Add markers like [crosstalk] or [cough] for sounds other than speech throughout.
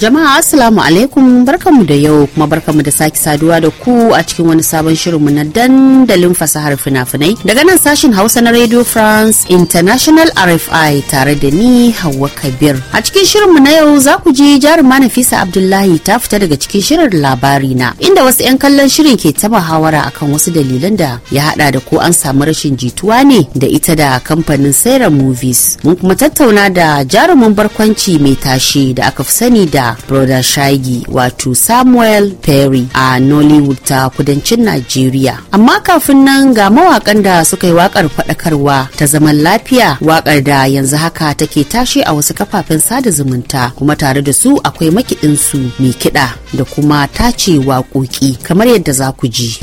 Jama'a Assalamu alaikum barkanmu da yau kuma barkanmu da sake saduwa da ku a cikin wani sabon shirinmu na dandalin fasahar fina-finai daga nan sashin Hausa na Radio France International RFI tare da ni Hauwa Kabir. A cikin shirinmu na yau za ku ji jaruma Nafisa Abdullahi ta fita daga cikin shirin labari na inda wasu 'yan kallon shirin ke ta hawara akan wasu dalilan da ya hada da ko an samu rashin jituwa ne da ita da kamfanin Saira Movies. Mun kuma tattauna da jarumin barkwanci mai tashe da aka fi sani da Brother Shagi wato Samuel Perry a Nollywood ta kudancin Najeriya. Amma kafin nan ga mawakan da suka yi wakar faɗakarwa ta zaman lafiya wakar da yanzu haka take tashi a wasu kafafen sada zumunta kuma tare da su akwai makiɗinsu mai kiɗa da kuma tace waƙoƙi kamar yadda za ku ji.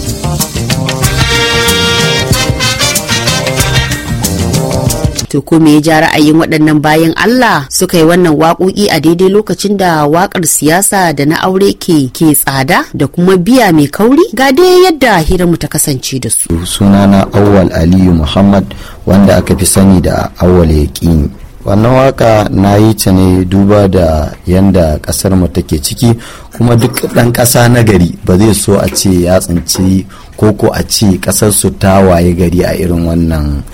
To ko me ya ja ra'ayin waɗannan bayan Allah suka yi wannan waƙoƙi a daidai lokacin da waƙar siyasa da na aure ke ke tsada da kuma biya mai kauri ga dai yadda hirarmu ta kasance da su. Sunana Awwal Aliyu Muhammad wanda aka fi sani da Awwal Yaƙini. wannan waka na yi ta ne duba da yanda kasar mu take ciki kuma duk ɗan ƙasa na gari ba zai so a ce ya tsinci koko a ce ƙasar su ta waye gari a irin wannan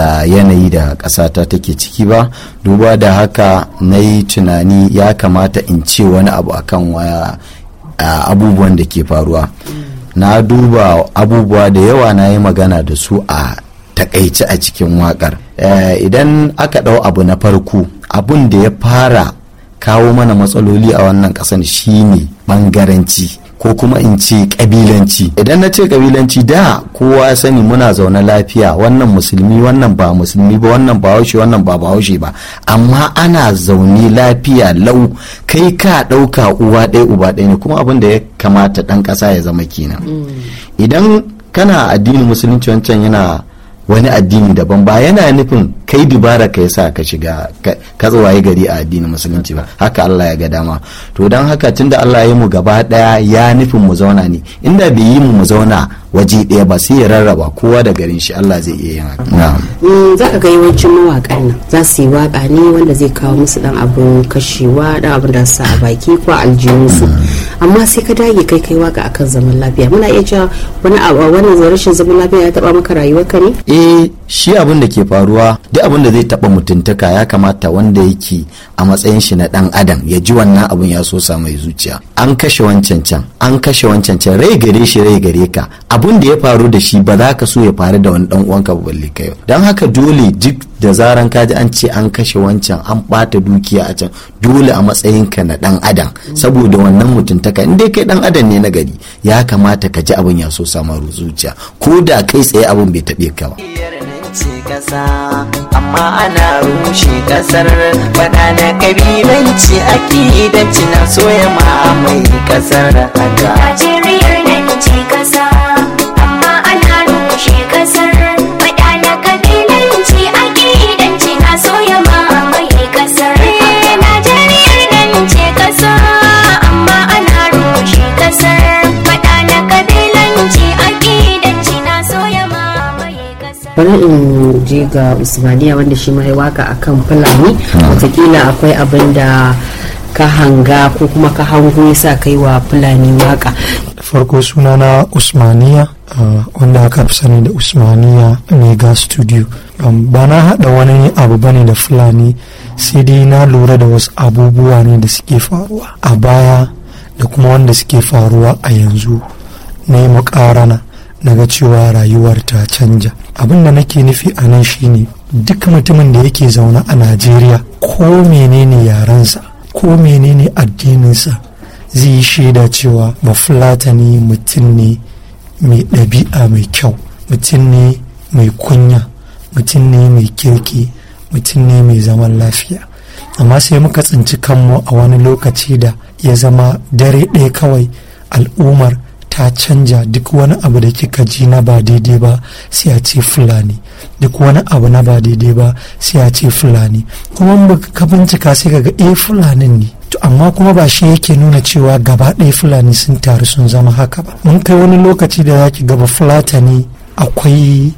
da yanayi da ta take ciki ba duba da haka na yi tunani ya kamata in ce wani abu akan abubuwan da ke faruwa na duba abubuwa da yawa na yi magana da su a takaici a cikin wakar eh, idan aka ɗau abu na farko abun da ya fara kawo mana matsaloli a wannan ƙasan shine ɓangaranci ko kuma in ce kabilanci idan na ce kabilanci da kowa ya sani muna zaune lafiya wannan musulmi wannan ba musulmi ba wannan ba haushe wannan ba haushe ba amma ana zaune lafiya lau kai ka ɗauka uwa ɗaya uba ɗaya ne kuma abin da ya kamata ɗan ƙasa ya zama kenan mm. idan kana addinin musulunci wancan yana wani addini daban ba yana nufin kai dubara ka yasa ka shiga ka tsawaye gari a addinin musulunci ba haka Allah ya ga dama to don haka tun da Allah ya mu gaba daya ya nufin mu zauna ne inda bai yi mu zauna waje ɗaya ba sai ya rarraba kowa da garin shi Allah zai iya yin haka mm, za ka ga yawancin mawaƙan nan za su yi waka ne wanda zai kawo musu dan abun kashewa dan abun da sa a baki ko aljihunsu mm. amma sai ka dage kai kai waka akan zaman lafiya muna iya cewa wani abu wannan rashin zaman lafiya ya taba maka ka ne eh shi abin da ke faruwa duk abin da zai taba mutuntaka ya kamata wanda yake a matsayin shi na dan adam ya ji wannan abin ya so sa mai zuciya an kashe wancan can an kashe wancan can rai gare shi rai gare ka abin da ya faru da shi ba za ka so ya faru da wani dan uwanka ba balle kai don haka dole duk da zaran ka ji an ce an kashe wancan an bata dukiya a can dole a matsayin ka na dan adam saboda wannan mutuntaka in dai kai dan adam ne na gari ya kamata ka ji abin ya so sama zuciya ko da kai tsaye abin bai taɓe ka ba amma ana rushe kasar faɗa na kabilanci akidanci na soya ma mai kasar Najeriya ne ce kasa amma ana rushe kasar bari in je ga usmaniya wanda shi ma waka a kan fulani watakila akwai abin da ka hanga ko kuma ka hango ya sa kai wa fulani waka farko sunana usmaniya wanda aka fi sani da usmaniya mega studio ba na haɗa wani abu bane da fulani sai dai na lura da wasu abubuwa ne da suke faruwa a baya da kuma wanda suke faruwa a yanzu na yi makarana na cewa rayuwar ta canja abin da nake nufi a nan shine duk mutumin da yake zaune a najeriya ko menene yarensa ko menene addininsa zai yi shaida cewa bafulatani mutum ne mai ɗabi'a mai kyau mutum ne mai kunya mutum ne mai kirki mutum ne mai zaman lafiya amma sai muka tsinci kanmu a wani lokaci da ya zama dare ɗaya kawai al'ummar ta canja duk wani abu da kika ji na ba daidai ba sai a ce fulani duk wani abu na ba daidai ba sai a ce fulani kuma ka bincika sai kaga eh fulanin ne to amma kuma ba shi yake nuna cewa gaba ɗaya fulani sun taru sun zama haka ba mun kai wani lokaci da zaki gaba fulatani akwai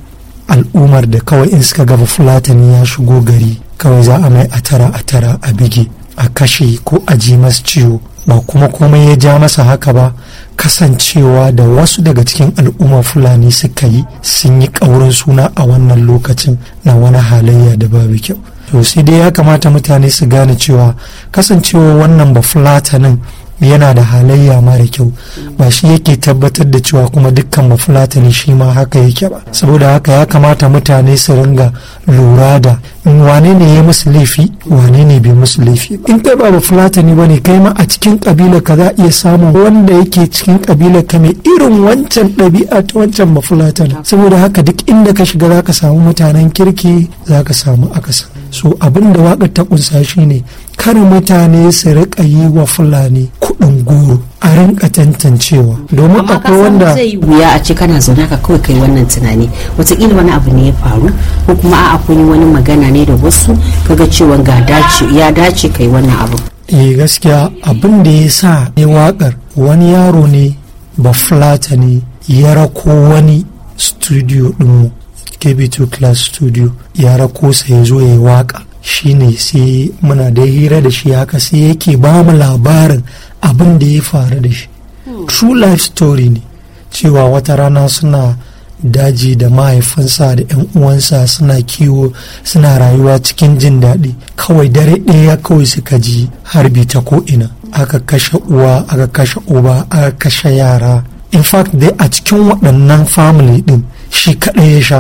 al'ummar da kawai in suka gaba fulatani ya shigo gari kawai za a mai a tara a tara a bige a kashe ko a ji masu ciwo ba kuma komai ya ja masa haka ba kasancewa da wasu daga cikin al'ummar fulani suka yi sun yi ƙaurin suna a wannan lokacin na wani halayya da babu kyau to sai dai ya kamata mutane su gane cewa kasancewa wannan ba fulatanin yana da halayya mara kyau ba shi yake tabbatar da cewa kuma dukkan mafulatani shi ma haka yake ba saboda haka ya kamata mutane su ringa lura da wane ne ya musu laifi wane ne bai musu laifi in kai ba mafulatani ba ne kai ma a cikin kabila ka za iya samun wanda yake cikin kabila ka mai irin wancan ɗabi'a ta wancan mafulatani saboda haka duk inda ka shiga za ka samu mutanen kirki za ka samu akasa so abin da waƙar ta kunsa shine kar mutane su riƙa yi wa fulani kuɗin goro a rinka tantancewa domin akwai wanda zai wuya a ce kana zaune ka kawai kai wannan tunani wataƙila wani abu ne ya faru ko kuma a akwai wani magana ne da wasu kaga cewa ga dace ya dace kai wannan abu eh gaskiya abin da ya sa ne wakar wani yaro ne ba fulata ne ya rako wani studio ɗinmu KB2 Class Studio ya rako sa ya zo ya yi Shi ne sai muna da hira da shi haka sai yake ba mu labarin abin da ya faru da shi hmm. true life story ne cewa wata rana suna daji da mahaifinsa da 'yan uwansa suna kiwo suna rayuwa cikin jin daɗi kawai dare ɗaya kawai suka ji harbi ta ko'ina aka kashe uwa aka kashe uba aka kashe yara in fact dai a cikin waɗannan family ɗin shi kaɗai ya sha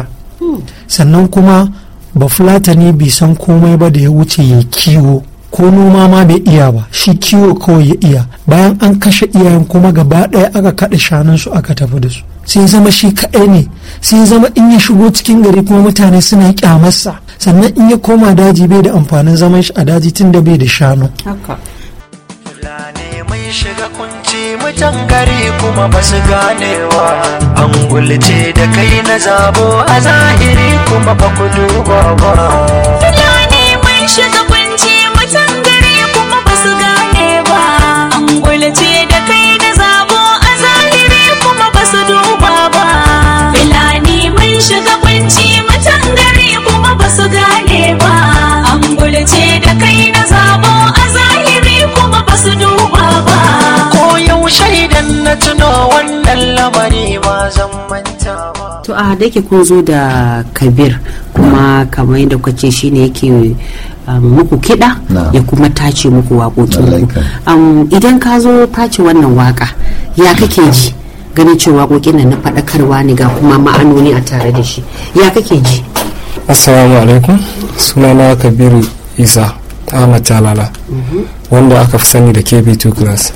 sannan kuma ba fulatani bai san komai ba da ya wuce ya kiwo ko noma ma bai iya ba shi kiwo kawai ya iya bayan an kashe iyayen kuma gaba ɗaya aka kaɗa shanun su aka tafi da su sai zama shi kaɗai ne sai zama in ya shigo cikin gari kuma mutane suna kyamarsa sannan in ya koma daji bai da amfanin zaman shi a daji tun da bai da shanu mun shiga kunci mutan gari kuma basu ganewa an gulce da kai na zabo a zahiri kuma ba duba ba tunani mun shiga kunci mutan gari kuma basu su gane ba an gulce da kai na zabo a zahiri kuma basu duba ba filani mun shiga kunci mutan gari kuma to a da yake kun zo da kabir kuma kamar yadda kwace shi ne yake um, muku kiɗa ya kuma tace muku waƙoƙin ku um, idan ka zo tace wannan waka ya kake ji ganin cewa waƙoƙin nan na faɗakarwa ne ga kuma ma'anoni a tare da shi ya kake ji assalamu alaikum sunana kabiru isa ahmad talala mhm. wanda aka fi sani da kb2 class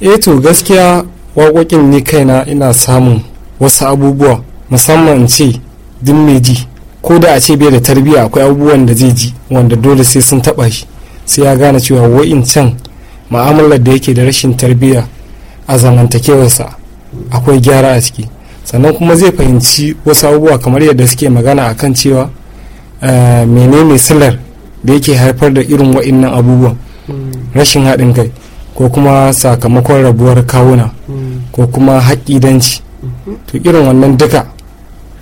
eto eh gaskiya waƙoƙin ni kaina ina samun wasu abubuwa musamman ce duk mai ji ko da a ce bai da tarbiyya akwai abubuwan da zai ji wanda dole sai sun taba shi sai ya gane cewa wa'incan ma'amalar da yake da rashin tarbiyya a zamantakewarsa akwai gyara a ciki sannan kuma zai fahimci wasu abubuwa kamar yadda suke magana akan cewa eh, menene silar da yake haifar da irin wa'innan abubuwan rashin haɗin kai ko kuma sakamakon rabuwar kawuna hmm. ko kuma haƙidanci to irin wannan duka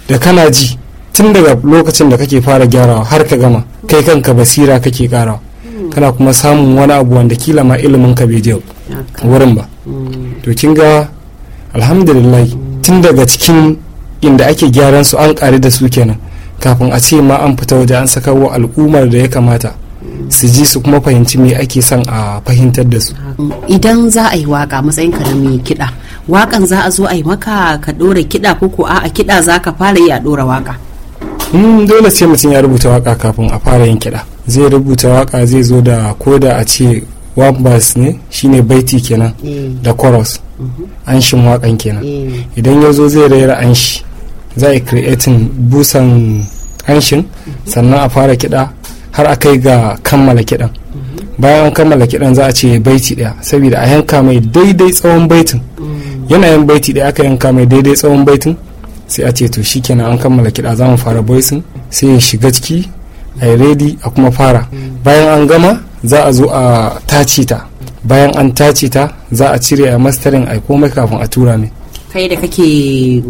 da kana ji tun daga lokacin da kake fara gyarawa har ka gama kai kanka basira kake karawa kana kuma samun wani abu wanda kila ma ilimin ka bai je wurin ba to kin ga alhamdulillah tun daga cikin inda ake gyaran su an kare da su kenan kafin a ce ma an fita waje an saka wa al'ummar da ya kamata su ji su kuma fahimci me ake son a fahimtar da su idan za a yi waka matsayin ka na mai kiɗa wakan za a zo a yi maka ka dora kiɗa ko ko a kiɗa za ka fara yi a dora waka hmm, dole ce mutum ya rubuta waka kafin a fara yin kiɗa zai rubuta waka zai zo da koda a ce one verse ne shine baiti kenan eh. da chorus mhm. anshin wakan kenan eh. idan ya zo zai raira anshi za a creating busan anshin mhm. sannan a fara kiɗa har a kai ga kammala kiɗan mhm. bayan kammala kiɗan za a ce baiti ɗaya saboda a yanka mai daidai tsawon baitin yanayin baiti da aka yanka mai daidai tsawon baitin sai a ce to shikenan an kammala kiɗa za mu fara boisin sai ya shiga ciki a yi redi a kuma fara bayan an gama za a zo a tace ta bayan an tace ta za a cire a mastarin a komai kafin a tura ne kai da kake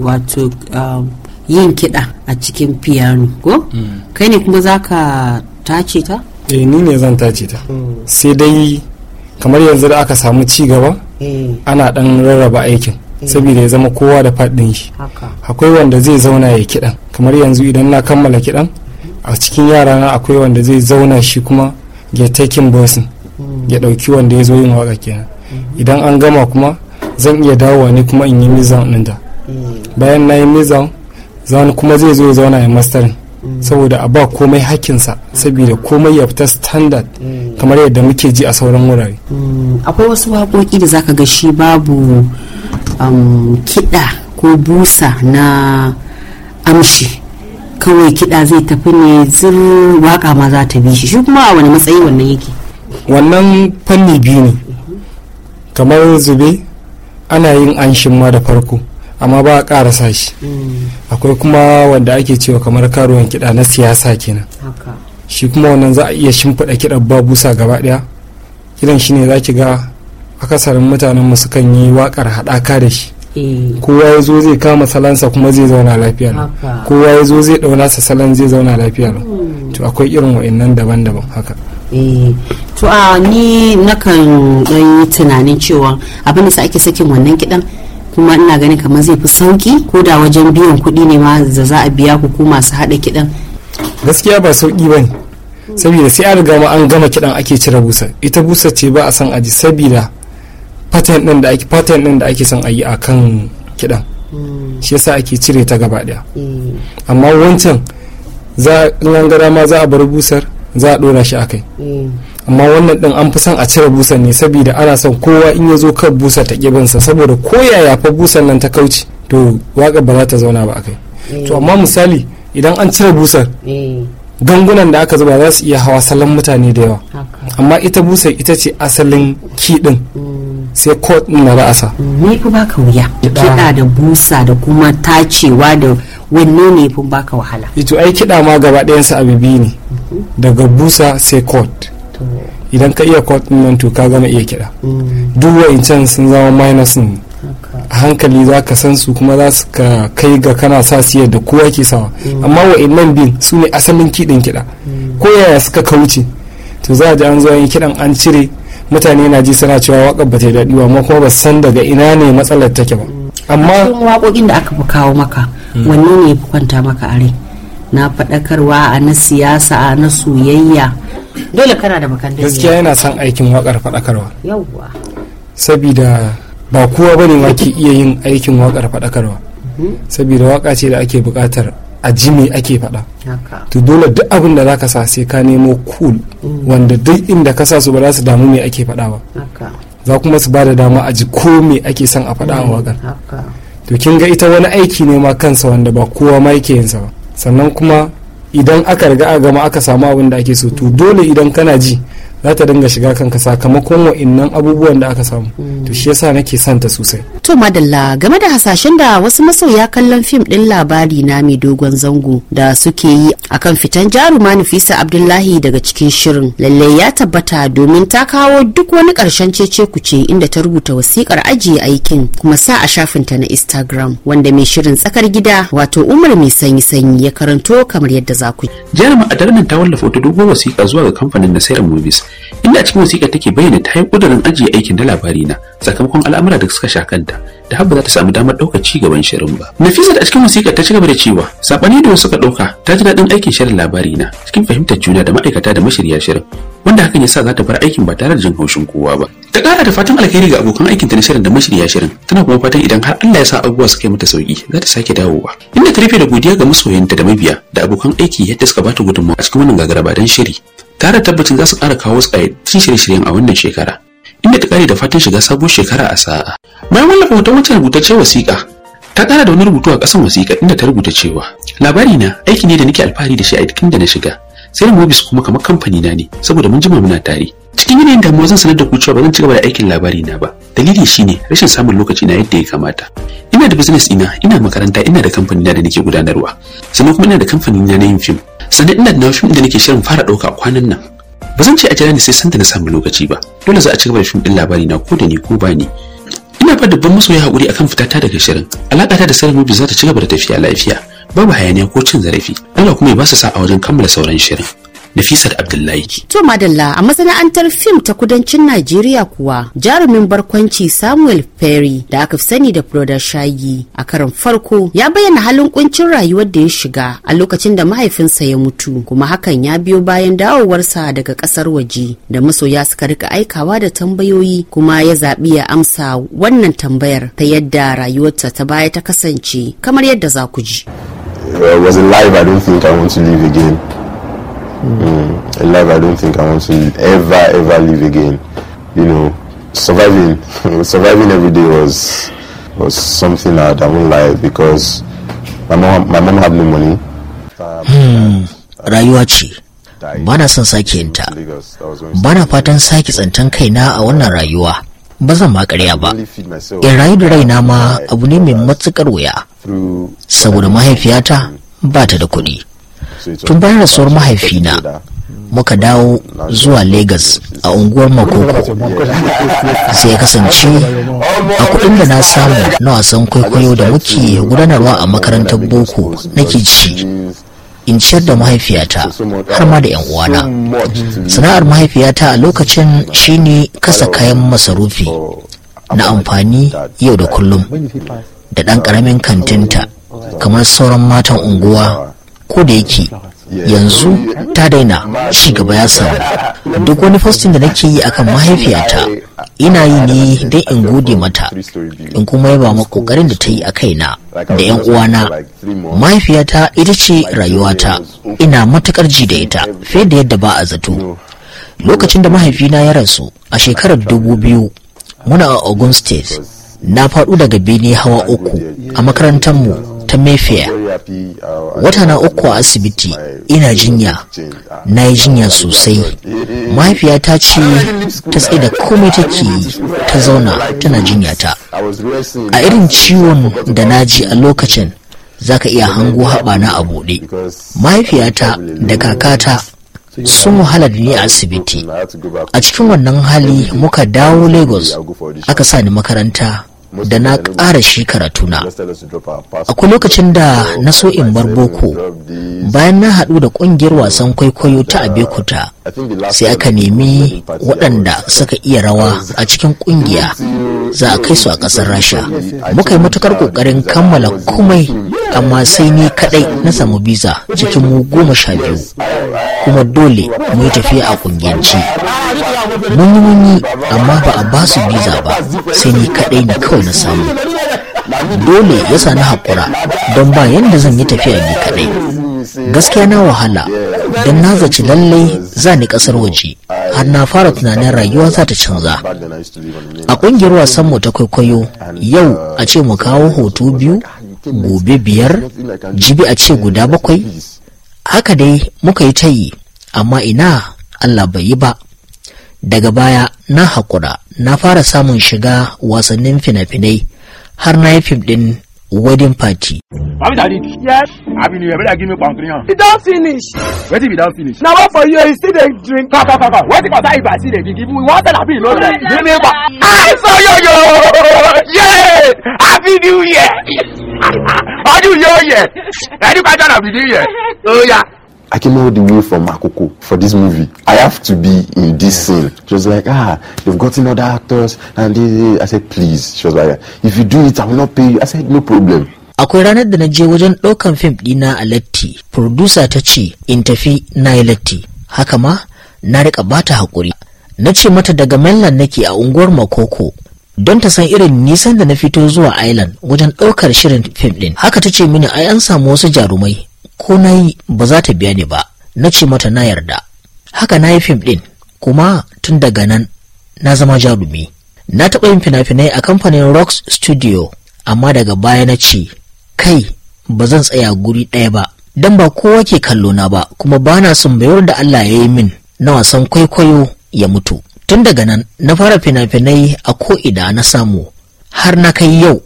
wato um, yin kiɗa a cikin piano ko mm. kai ne kuma za ka tace ta eh ni ne zan tace ta mm. sai dai kamar yanzu da aka samu ci gaba Eh. ana dan rarraba aikin eh. saboda ya zama kowa da faɗin shi akwai wanda zai zauna ya kiɗan kamar yanzu idan na kammala kiɗan a cikin yara na akwai wanda zai zauna shi kuma ya taking bosin hmm. ya ɗauki wanda ya zo yin waka kenan hmm. idan an gama kuma zan iya dawowa ne kuma in yi mizan ɗin da eh. bayan na yi mizan zan kuma zai zo ya zauna ya masterin hmm. saboda a ba komai hakinsa saboda komai ya fita standard kamar yadda muke ji a sauran wurare hmm, akwai wasu waƙoƙi da zaka ga shi babu um, kiɗa ko busa na amshi kawai kiɗa zai tafi ne zir waƙa ma za ta bi shi shi kuma a wani matsayi wannan yake wannan fanni biyu ne kamar zube ana yin anshin ma da farko amma ba a ƙara shi hmm. akwai kuma wanda ake cewa kamar karuwan kiɗa na siyasa kenan shi kuma wannan za a iya shimfiɗa kiɗan babusa gaba ɗaya kiɗan shi ne za ki ga akasarin mutanen mu kan yi waƙar haɗaka da shi eh. kowa ya zo zai kama salansa kuma zai zauna lafiya lau kowa ya zo zai ɗauna sa salan zai zauna lafiya lau hmm. to akwai irin wa'annan daban-daban haka eh. to a ni nakan ɗan yi tunanin cewa abin ne sa ake sakin wannan kiɗan kuma ina ganin kamar zai fi sauki ko da wajen biyan kuɗi ne ma za a biya ku masu haɗa kiɗan gaskiya ba sauki ba ne saboda sai an riga ma an gama kiɗan ake cire busa ita busa ce ba a san aji saboda patent ɗin da ake patent din da ake son ayi akan kidan shi yasa ake cire ta gaba daya mm. amma wancan za gara ma za a bar busar za a dora shi akai mm. amma wannan ɗin an fi son a cire busar ne saboda ana son kowa in ya zo kan busa ta kibinsa saboda ko yaya fa busar nan ta kauce to waka ba za ta zauna ba akai mm. to amma misali idan an cire busar eh. gangunan da aka zuba za su iya hawa salon mutane da yawa amma ita busar ita ce asalin kiɗin mm. sai kot na ra'asa mm, me fi baka wuya kiɗa da busa da kuma tacewa da wanne ne fi baka wahala ito eh ai kiɗa ma gaba ɗayansa abibi ne mm-hmm. daga busa sai kot idan ka iya kot nan to ka gama iya kiɗa mm. duk wa'incan sun zama minus ne a hankali za ka san su kuma za su ka kai ga kana sa su da kowa ke sawa amma wa'annan bin su ne asalin kiɗin kiɗa ko yaya suka kauce to za a ji an zo yin kiɗan an cire mutane na ji suna cewa waƙar ba ta daɗi ba amma kuma ba san daga ina ne matsalar take ba amma waƙoƙin da aka fi kawo maka mm. wanne ne fi kwanta maka a rai na faɗakarwa a na siyasa a na soyayya dole kana da bakan gaskiya yana son aikin waƙar faɗakarwa yawwa sabida ba kowa ba ma ke iya yin aikin wakar faɗakarwa saboda waƙa ce da ake buƙatar a ji me ake faɗa to dole duk abin da zaka sa sai ka nemo cool mm. wanda duk inda ka sa su ba za su damu me ake faɗa ba za kuma su ba da dama a ji ko me ake son a faɗa a mm, waƙar to kin ga ita wani aiki ne ma kansa wanda ba kowa ma yake yinsa ba sannan kuma idan aka riga a gama aka samu abin da ake so to dole idan kana ji za ta dinga shiga kanka sakamakon wa'innan abubuwan da aka samu to shi yasa nake son ta sosai to madalla game da hasashen da wasu masoya kallon fim din labari na mai dogon zango da suke yi akan fitan jaruma nufisa abdullahi daga cikin shirin lalle ya tabbata domin ta kawo duk wani karshen cece kuce inda ta rubuta wasikar ajiye aikin kuma sa a shafinta na instagram wanda mai shirin tsakar gida wato umar mai sanyi sanyi ya karanto kamar yadda za ku jaruma a ta wallafa wata dogon wasiƙa zuwa ga kamfanin sayar movies inda a cikin wasiƙa take bayyana ta yi ƙudurin ajiye aikin da labari na sakamakon al'amura da suka shakanta da har za ta samu damar ɗaukar ci gaban shirin ba. Nafisa da cikin wasiƙa ta ci gaba da cewa saɓani da suka ɗauka ta ji daɗin aikin shirin labari na cikin fahimtar juna da ma'aikata da mashirya shirin wanda hakan ya sa za ta bar aikin ba tare da jin haushin kowa ba. Ta ƙara da fatan alkhairi ga abokan aikin ta na shirin da mashirya shirin tana kuma fatan idan har Allah ya sa abubuwa suka yi mata sauki za ta sake dawowa. Inda ta rufe da godiya ga masoyanta da mabiya da abokan aiki yadda suka ta gudunmawa a cikin wannan gagara shiri. tare da tabbacin za su ƙara kawo tsayayyun shirye-shiryen a wannan shekara inda ta ƙare da fatan shiga sabon shekara a sa'a bayan wallafa wata wata rubutace wasiƙa ta ƙara da wani rubutu a ƙasan wasiƙa inda ta rubuta cewa labari na aiki ne da nake alfahari da shi a dukkan da na shiga sai mobis kuma kamar kamfani na ne saboda mun jima muna tare cikin yanayin damuwa zan sanar da ku cewa ba zan ci gaba da aikin labari na ba dalili shine rashin samun lokaci na yadda ya kamata ina da business ina ina makaranta ina da kamfani na da nake gudanarwa sannan kuma ina da kamfani na na yin film sannan ina da na film da nake shirin fara dauka kwanan nan ba zan ce a jira ni sai san da na samu lokaci ba dole za a ci gaba da film din labari na ko da ni ko ba ni ina fa dubban masoya hakuri akan fitata daga shirin alaka ta da sarin mobis za ta ci gaba da tafiya lafiya babu hayaniya ko cin zarafi Allah kuma ya ba su sa a wajen kammala sauran shirin Nafisat Abdullahi. To Madalla a masana'antar fim ta kudancin Najeriya kuwa jarumin barkwanci Samuel Perry da aka fi sani da Brother Shagi a karin farko ya bayyana halin kuncin rayuwar da ya shiga a lokacin da mahaifinsa ya mutu kuma hakan ya biyo bayan dawowarsa daga kasar waje da masoya suka rika aikawa da tambayoyi kuma ya zaɓi ya amsa wannan tambayar ta yadda rayuwarta ta baya ta kasance kamar yadda za ku ji. uh, was a life I don't think I want to live again. Mm. A life I don't think I want to ever, ever live again. You know, surviving, [laughs] surviving every day was was something that I won't lie because my mom, my mom had no money. Hmm. Rayuwa ce, ba na son sake yinta, ba na fatan sake tsantan kaina a wannan rayuwa. ba zan ma ƙarya ba in rayu da raina ma abu ne mai matsakar wuya saboda mahaifiyata ba ta da kuɗi tun bayan rasuwar mahaifina muka dawo zuwa Legas a unguwar Makoko sai ya kasance a kuɗin da na samu na wasan kwaikwayo da muke gudanarwa a makarantar boko nake ci in ciyar da mahaifiyata har ma da 'yan uwana sana'ar mahaifiyata a lokacin shine kasa kayan masarufi na amfani yau da kullum da ɗan ƙaramin kantinta kamar sauran matan unguwa ko da yake yanzu ta daina ci gaba ya samu duk wani fastin da nake yi akan mahaifiyata ina yi ne don in gode mata in kuma yaba ma kokarin da ta yi a kaina da yan uwana mahaifiyata ita ce rayuwata ina matukar ji da ita fiye da yadda ba a zato lokacin da mahaifina ya rasu a shekarar dubu biyu muna a ogun state na faɗo daga bene hawa uku a makarantar mu ta mayfair wata na uku a asibiti ina jinya na yi jinya sosai mahaifiya ta ce ta tsaye da komai take yi ta zauna tana jinya ta a irin ciwon da na ji a lokacin za ka iya hango haɓana a buɗe mahaifiyata da kakata sun wahala da ni a asibiti a cikin wannan hali muka dawo lagos aka sa ni makaranta da na ƙara shi karatuna akwai lokacin da na so in bar boko bayan na haɗu da ƙungiyar wasan kwaikwayo ta abekuta sai aka nemi waɗanda suka iya rawa a cikin ƙungiya za a kai su a ƙasar rasha muka yi matukar ƙoƙarin kammala komai amma sai ni kadai na samu biza cikin mu goma sha biyu kuma dole mu yi tafiya a ƙungiyanci. mun yi muni amma ba a ba su biza ba sai ni kadai ne kawai na samu dole ya sani haƙura don ba yadda zan yi tafiya ni kadai gaskiya na wahala don na zaci lallai za ni kasar waje har na fara tunanin rayuwa za ta canza a ƙungiyar wasan mu ta kwaikwayo yau a ce mu kawo hoto biyu gobe biyar jibi a ce guda bakwai haka dai muka yi ta yi amma ina allah bai yi ba daga baya na hakura na fara samun shiga wasannin fina-finai har na yi fim ɗin wedding party. Mami Daddy. Yes. Abi ni better give me pound three It don finish. Wetin be don finish? Na what for you? You still dey drink. Pa pa pa pa. Wetin concern if I still dey drink? If we wan tell Abi no dey give me pa. I saw yo yo. Happy New Year. Ọdún yóò yẹ. Ẹni bá jọ̀nà bí New Year. Oya. [laughs] I came all the way from Makoko for this movie. I have to be in this scene. She was like, ah, they've gotten other actors and they, I said, please. She was like, if you do it, I will not pay you. I said, no problem. Akwai ranar da na je wajen ɗaukan fim ɗina a Latti, Produsa ta ce in tafi na yi Latti, haka ma na riƙa bata haƙuri. Na ce mata daga mainland nake a unguwar Makoko, don ta san irin nisan da na fito zuwa island wajen ɗaukar shirin fim ɗin haka ta ce mini ai an samu wasu jarumai ko na yi ba za ta biya ni ba na ce mata na yarda haka na yi fim ɗin kuma tun daga nan na zama jarumi na taɓa yin fina-finai a kamfanin rock studio amma daga baya na ce kai ba zan tsaya guri ɗaya ba don ba kowa ke kallo na ba kuma ba na son bayar da Allah ya yi min na wasan kwaikwayo ya mutu tun daga nan na fara fina-finai a ko'ida na samu har na kai yau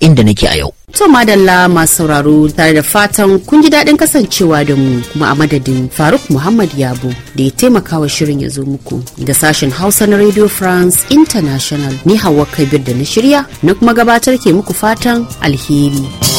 inda nake a yau. To madalla masu sauraro tare da fatan kun ji daɗin kasancewa da mu kuma a madadin Faruk Muhammad Yabo da ya taimaka wa shirin ya zo muku da sashen Hausa na Radio France International ni Hauwa Kabir da na shirya na kuma gabatar ke muku fatan alheri.